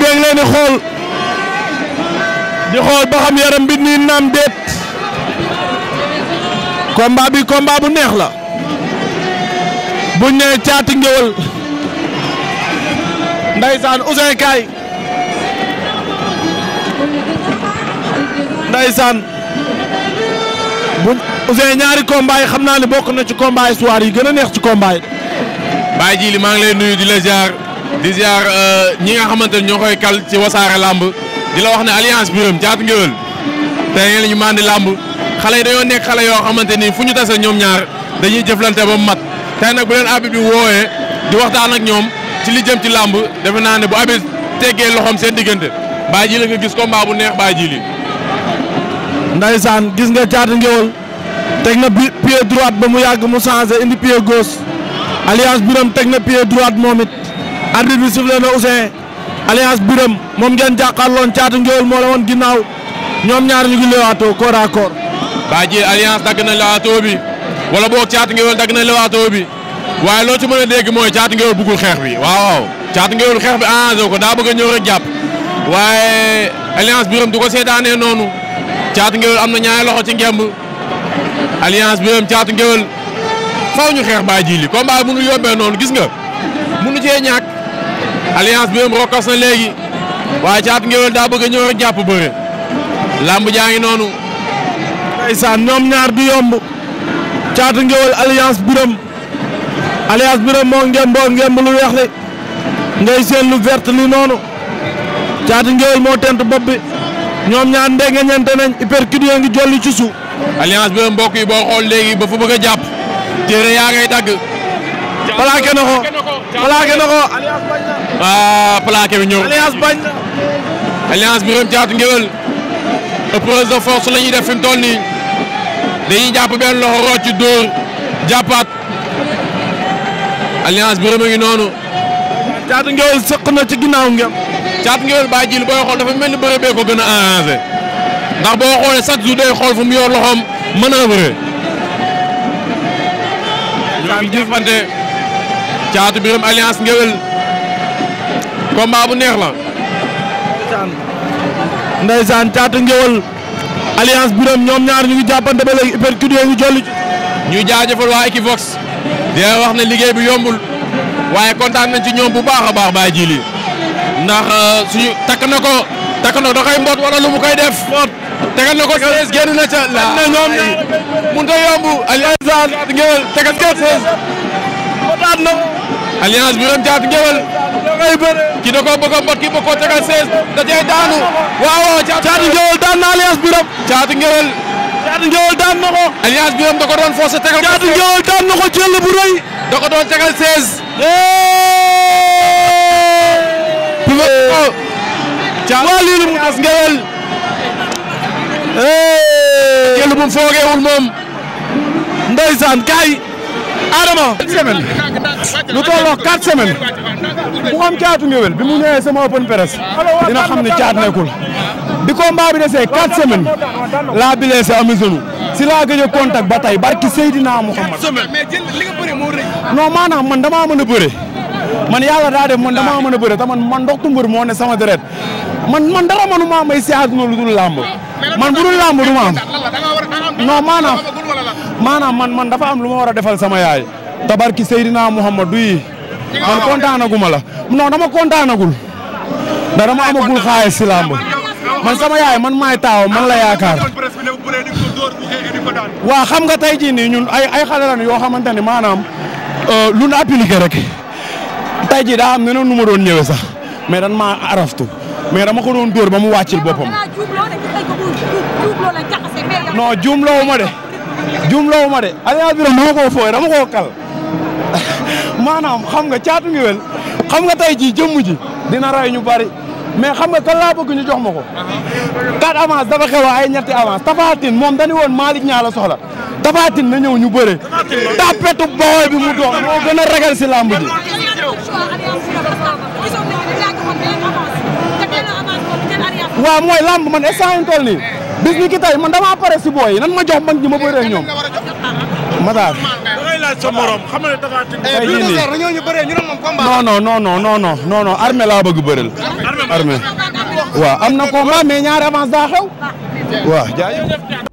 bi ngi leen di xool di xool ba xam yaram bi nii naam déet combat bi combat bu neex la buñ nee caati ngéwël ndaysaan Ousseyn Kaay ndaysaan bu Ousseyn ñaari combat xam naa ne bokk na ci combat histoire yi gën a neex ci combat yi. Baye Djili maa ngi lay nuyu di la jaar. di ziar euh, ñi nga xamante ne ñoo koy kal ci wasaare lamb di la wax ne alliance biram jaatu ngéwél te ngeen ñu mandi lamb xale yi dañoo nekk xale yoo xamante ni fu ñu tase ñoom ñaar dañuy jëflante ba mat tey nag bu leen abit bi wooyee di waxtaan ak ñoom ci li jëm ci lamb defe naa ne bu abit teggee loxoom seen diggante baa ji la nga gis combat bu neex baa ji li ndaysaan gis nga caatu ngéwél teg na pied droite ba mu yàgg mu changé indi pied gauche alliance biram teg na pied arbitre bi sifflé alliance Birame moom ngeen jàkkaarloon Caatu Njool moo la woon ginnaaw ñoom ñaar ñu ngi lewaatoo corps à corps. alliance dagg na lewaatoo bi wala boog Caatu Njool dagg na bi waaye loo ci mën a mooy Caatu Njool bëggul xeex bi waaw waaw Caatu Njool xeex bi arrangé ko daa bëgg a ñëw rek jàpp waaye alliance Birame du ko noonu Caatu Njool am na ñaari loxo ci ngemb alliance Birame Caatu Njool faaw ñu xeex Badji li combat mënul noonu gis nga mënu cee ñàkk. alliance bi am rokkas na léegi waaye caatu ngéwél daa bëgg a ñëw rek jàpp bëre làmb jaa ngi noonu. ndeysaan ñoom ñaar du yomb caatu ngéwél alliance biram alliance biram moo ngemb lu weex li ngay seen lu vert li noonu caatu ngéwél moo tent bopp bi ñoom ñaar ndenge ñente nañ hypercute ngi jolli ci suuf. alliance biram mbokk yi léegi ba bëgg a jàpp téere yaa ngay dagg. plaqué na ko plaqué na ko ah, bi ñëw alliance bañ na alliance Birame de force la ñuy def fi mu toll nii jàpp benn loxo rocc dóor jàppaat alliance Birame ngi noonu Thiatou Nguéweul sëq na ci ginnaaw ngem Thiatou Nguéweul baa jil booy xool dafa mel ni bëre bee ko gën a ndax boo xoolee chaque jour day xool fu mu yor loxoom manoeuvre Caatu Biram alliance Ngéwél combat bu neex la. Ndeysaan Caatu Ngéwél alliance Biram ñoom ñaar ñu ngi jàppante ba léegi uppercut yooyu jolli. ñu jaajëfal waa Equivox. di wax ne liggéey bi yombul. waaye kontaan nañ ci ñoom bu baax a baax baa ji ndax euh, suñu takk na ko takk na ko da mbot mboot lu mu koy def. mboot tegal na ko sees génn na ca. waaw waaw waaw a yomb. Alliance Ngéwél tegal ca xalaat nag alliance bi doon caatu géwél ki da koo bëgg a mbot ki bëgg koo tegal sees da cee daanu waaw waaw caatu géwél daan na alliance bi rab caatu géwél caatu géwél daan na ko alliance bi da ko doon forcé tegal caatu géwél daan na ko jël bu rëy da ko doon tegal sees waa lii lu mu tas géwél jël bu mu foogewul moom ndeysaan kaay Adama. semaine lu tolloo quatre semaines bu a caatu ngéwél bi mu ñëwee sama open press dina xam ne caat nekkul bi combat bi desee quatre semaines laa blessé amusonu si laa gëj a contact ba tey barki Seydina Mouhamad non maanaam man damaa mën a bëre man yàlla daa def man damaa mën a bëre te man man ndoxtu mbër moo ne sama deret man man dara manuma may si àdduna lu dul làmb man bu dul làmb du ma am non maanaam maanaam man man dafa am lu ma war a defal sama yaay tabarki Seydina Muhammadu yi man kontaanaguma la non dama kontaanagul da dama amagul xaalis si làmb man sama yaay man maay taaw man la yaakaar waa xam nga tey jii nii ñun ay ay xale yoo xamante ni maanaam euh, lu nu appliqué rek tey jii daa am neneen nu ma doon ñëwee sax mais dan maa araftu mais dama ko doon dóor ba mu wàccil boppam non juumloo ma de jumlaw ma de Alliance Birame dama koo fooy dama koo kal maanaam xam nga caatu ngi wel xam nga tey jii jëmm ji dina ray ñu bari mais xam ga kan laa bëgg ñu jox ma ko. quatre avance dafa xew ay ñetti avance Tapha Tine moom dañu woon Malick ñaa la soxla Tapha na ñëw ñu bëre. tapetu booy bi mu doon moo gën a ragal si làmb ji. mooy làmb man instant yi nii. bis ni ki tey man damaa pare si booy nan ma jox mag ñi ma bëree ñoom. Matar. da ngay laaj sa morom xam nga dafa tëj. tey jii nii dañoo ñu bëree ñu ne moom combat. non non non non non non non armée laa bëgg bëreel. armée waaw am na combat mais ñaari avance daa xew. waaw jaajëf.